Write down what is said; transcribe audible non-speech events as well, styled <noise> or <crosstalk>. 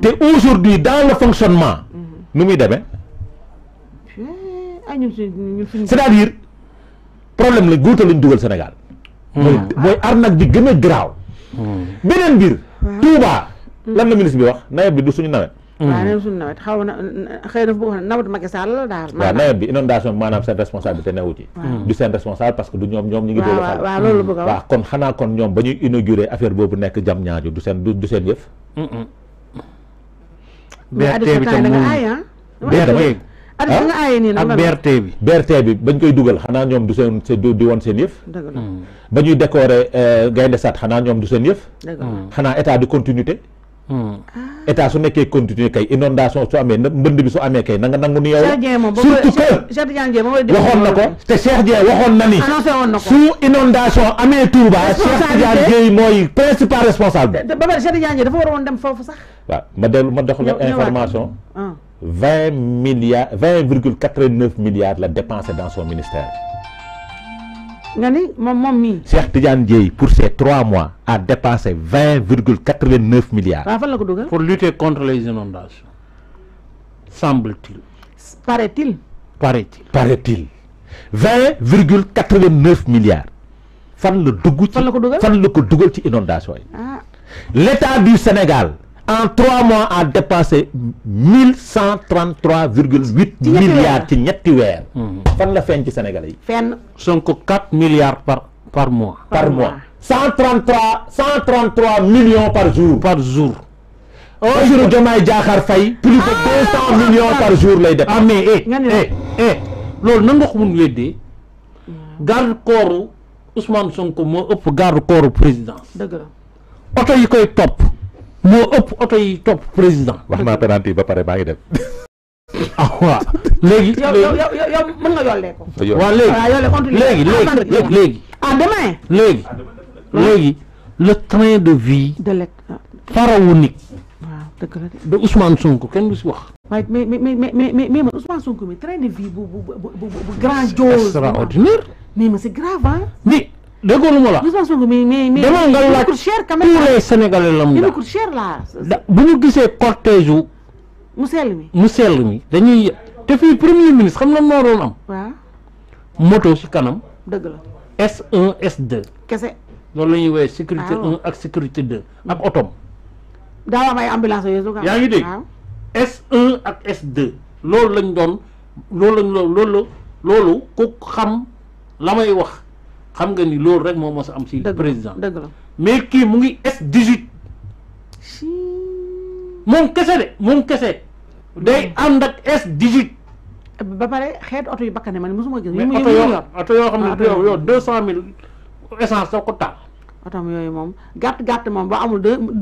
te aujourd'hui dans le fonctionnement nu muy demee ah, c'est-à-dire problème la góota lañ dugal Sénégal hmm. mooy mooy arnaque bi gën a garaaw hmm. beneen mbir hmm. Touba lan la ministre bi wax nawet bi du suñu nawet na suñu nawet xaw na xëy na bëgg la daal. waaw nawet bi inondation bi maanaam seen responsabilité newu ci. du seen ñoom ñoom ñu ngi. waaw waaw waaw bëgg xanaa kon ñoom ba ñuy inauguré affaire boobu nekk jam ñaaju du seen du seen yëf. BRT bi tam moom BRT ah? ak BRT bi BRT bi bañ koy dugal xanaa ñoom du seen di woon seen yëf hmm. ba ñuy décorer euh, gaynde sat xanaa ñoom du seen yëf hmm. xanaa état du continuité hmm. ah. état su nekkee continuer kay inondation su amee mbënd bi su amee kay na nga nangu ni yow surtout que waxoon na ko te Cheikh Dieng waxoon na ni su inondation amee Touba Cheikh Tidiane Dièye mooy principal responsable ba pare Cheikh Tidiane Dièye dafa waroon dem foofu sax waaw ma dellu ma information ah. milliards milliards la dépensé dans son ministère nga ni moom mi. Cheikh Tidiane pour ces trois mois a dépensé 20,89 milliards pour lutter contre les inondations semble-t-il paraît-il paraît-il paraît-il vingt milliards fan le dugg fan ko inondation ah. l'état du Sénégal en trois mois a dépassé 1133,8 milliards mhm. la Sénégalais Fin. milliards par par mois par mois 133 133 millions par jour par jour on plus de 200 ah, millions par jour ah, mais eh eh l'on eh, ne corps Ousmane Sonko mo ëpp oto yi topp président. wax naa penalty ba pare baa ngi dem. <laughs> ah waaw léegi. <laughs> yow yow yow mën nga yollee ko. waaw léegi léegi léegi. ah demain. léegi ah, léegi le train de vie. de l' pharaonique. waaw dëgg la de Ousmane Sonko kenn du si wax. waaye mais mais mais mais mais Ousmane Sonko mi train de vie bu bu bu bu grandiose. extraordinaire. mais mais c' est grave ah. déggoonu ma la. Ousmane Sonko mais mais mais demal nga laaj tous les sénégalais la mu da bu ñu gisee cortège wu. mu sell mi mu sell mi dañuy te fii premier ministre xam na moo doon am. waaw moto ci kanam. dëgg la S1 S2. kese loolu lañuy ñuy woowee sécurité 1 ah, ak sécurité d ak otom. daaw am yaa ngi dégg S1 ak S2 loolu lañ doon loolu lañ loolu loolu ku xam la may wax. xam nga ni loolu rek moom moo sa am si président mais kii mu ngi S 18 moom kese de moom kese day ànd ak S 18 ba pare xeet oto yu bakkane man mosuma gis mais oto yoo oto yoo xam ne ah, yow yow deux cent mille essence soo ko taal oto yooyu moom gàtt gàtt moom ba amul deux